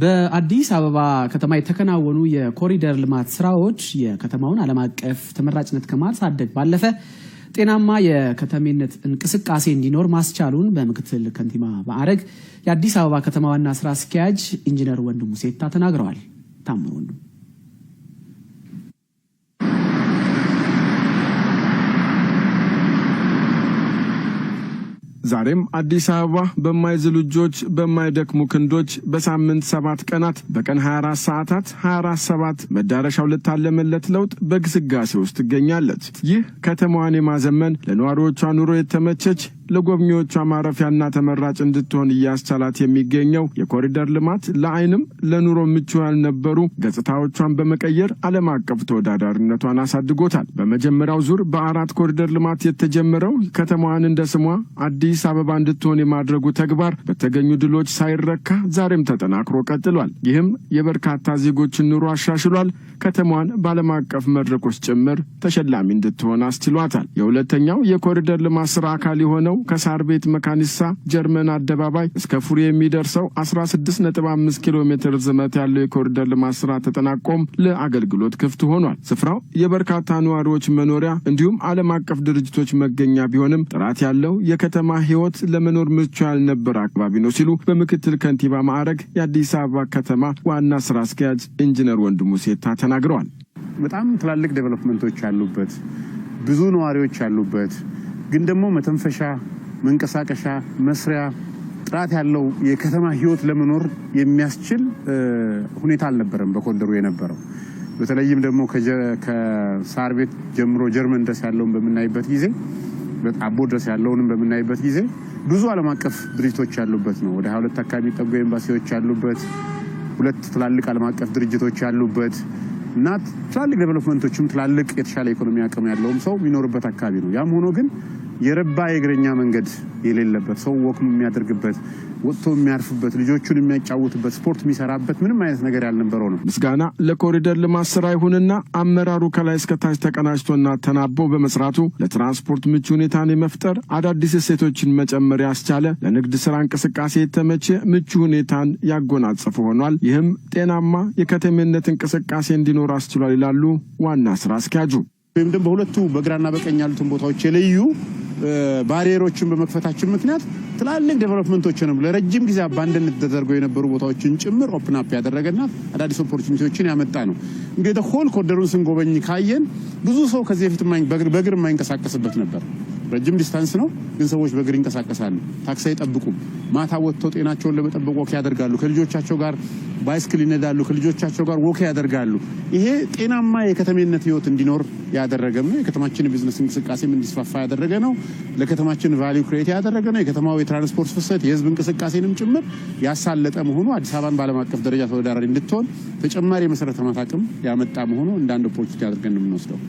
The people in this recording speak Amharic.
በአዲስ አበባ ከተማ የተከናወኑ የኮሪደር ልማት ስራዎች የከተማውን ዓለም አቀፍ ተመራጭነት ከማሳደግ ባለፈ ጤናማ የከተሜነት እንቅስቃሴ እንዲኖር ማስቻሉን በምክትል ከንቲባ ማዕረግ የአዲስ አበባ ከተማ ዋና ስራ አስኪያጅ ኢንጂነር ወንድሙ ሴታ ተናግረዋል። ታምሩ ወንድሙ ዛሬም አዲስ አበባ በማይዝሉ እጆች በማይደክሙ ክንዶች በሳምንት ሰባት ቀናት በቀን 24 ሰዓታት 247 መዳረሻው ልታለመለት ለውጥ በግስጋሴ ውስጥ ትገኛለች። ይህ ከተማዋን የማዘመን ለነዋሪዎቿ ኑሮ የተመቸች ለጎብኚዎቿ ማረፊያና ተመራጭ እንድትሆን እያስቻላት የሚገኘው የኮሪደር ልማት ለአይንም ለኑሮ ምቹ ያልነበሩ ገጽታዎቿን በመቀየር ዓለም አቀፍ ተወዳዳሪነቷን አሳድጎታል። በመጀመሪያው ዙር በአራት ኮሪደር ልማት የተጀመረው ከተማዋን እንደ ስሟ አዲስ አበባ እንድትሆን የማድረጉ ተግባር በተገኙ ድሎች ሳይረካ ዛሬም ተጠናክሮ ቀጥሏል። ይህም የበርካታ ዜጎችን ኑሮ አሻሽሏል። ከተማዋን በዓለም አቀፍ መድረኮች ጭምር ተሸላሚ እንድትሆን አስችሏታል። የሁለተኛው የኮሪደር ልማት ስራ አካል የሆነው ከሳር ቤት መካኒሳ ጀርመን አደባባይ እስከ ፉሪ የሚደርሰው 16.5 ኪሎ ሜትር ዝመት ያለው የኮሪደር ልማት ስራ ተጠናቆም ለአገልግሎት ክፍት ሆኗል። ስፍራው የበርካታ ነዋሪዎች መኖሪያ እንዲሁም ዓለም አቀፍ ድርጅቶች መገኛ ቢሆንም ጥራት ያለው የከተማ ሕይወት ለመኖር ምቹ ያልነበረ አካባቢ ነው ሲሉ በምክትል ከንቲባ ማዕረግ የአዲስ አበባ ከተማ ዋና ስራ አስኪያጅ ኢንጂነር ወንድሙ ሴታ ተናግረዋል። በጣም ትላልቅ ዴቨሎፕመንቶች ያሉበት ብዙ ነዋሪዎች ያሉበት ግን ደግሞ መተንፈሻ፣ መንቀሳቀሻ፣ መስሪያ ጥራት ያለው የከተማ ህይወት ለመኖር የሚያስችል ሁኔታ አልነበረም በኮንደሩ የነበረው። በተለይም ደግሞ ከሳር ቤት ጀምሮ ጀርመን ድረስ ያለውን በምናይበት ጊዜ አቦ ድረስ ያለውንም በምናይበት ጊዜ ብዙ ዓለም አቀፍ ድርጅቶች ያሉበት ነው። ወደ ሁለት አካባቢ የሚጠጉ ኤምባሲዎች ያሉበት፣ ሁለት ትላልቅ ዓለም አቀፍ ድርጅቶች ያሉበት እና ትላልቅ ዴቨሎፕመንቶችም ትላልቅ የተሻለ ኢኮኖሚ አቅም ያለውም ሰው የሚኖርበት አካባቢ ነው። ያም ሆኖ ግን የረባ የእግረኛ መንገድ የሌለበት ሰው ወክ የሚያደርግበት ወጥቶ የሚያርፍበት ልጆቹን የሚያጫውትበት ስፖርት የሚሰራበት ምንም አይነት ነገር ያልነበረው ነው። ምስጋና ለኮሪደር ልማት ስራ ይሁንና አመራሩ ከላይ እስከታች ተቀናጅቶና ተናቦ በመስራቱ ለትራንስፖርት ምቹ ሁኔታን የመፍጠር አዳዲስ እሴቶችን መጨመር ያስቻለ ለንግድ ስራ እንቅስቃሴ የተመቸ ምቹ ሁኔታን ያጎናጸፈ ሆኗል። ይህም ጤናማ የከተሜነት እንቅስቃሴ እንዲኖር አስችሏል ይላሉ ዋና ስራ አስኪያጁ። ወይም ደግሞ በሁለቱ በግራና በቀኝ ያሉትን ቦታዎች የለዩ ባሪየሮችን በመክፈታችን ምክንያት ትላልቅ ዴቨሎፕመንቶችንም ለረጅም ጊዜ አባንደን ተደርገው የነበሩ ቦታዎችን ጭምር ኦፕን አፕ ያደረገና አዳዲስ ኦፖርቹኒቲዎችን ያመጣ ነው። እንግዲህ ሆል ኮደሩን ስንጎበኝ ካየን ብዙ ሰው ከዚህ በፊት በእግር የማይንቀሳቀስበት ነበር። ረጅም ዲስታንስ ነው፣ ግን ሰዎች በእግር ይንቀሳቀሳሉ። ታክሲ አይጠብቁም። ማታ ወጥቶ ጤናቸውን ለመጠበቅ ወክ ያደርጋሉ። ከልጆቻቸው ጋር ባይስክል ይነዳሉ። ከልጆቻቸው ጋር ወክ ያደርጋሉ። ይሄ ጤናማ የከተሜነት ህይወት እንዲኖር ያደረገ ነው። የከተማችን ቢዝነስ እንቅስቃሴም እንዲስፋፋ ያደረገ ነው። ለከተማችን ቫሊዩ ክሬት ያደረገ ነው። የከተማው የትራንስፖርት ፍሰት የህዝብ እንቅስቃሴንም ጭምር ያሳለጠ መሆኑ አዲስ አበባን በዓለም አቀፍ ደረጃ ተወዳዳሪ እንድትሆን ተጨማሪ የመሰረተ ልማት አቅም ያመጣ መሆኑ እንዳንድ ፖች አድርገን ነው የምንወስደው።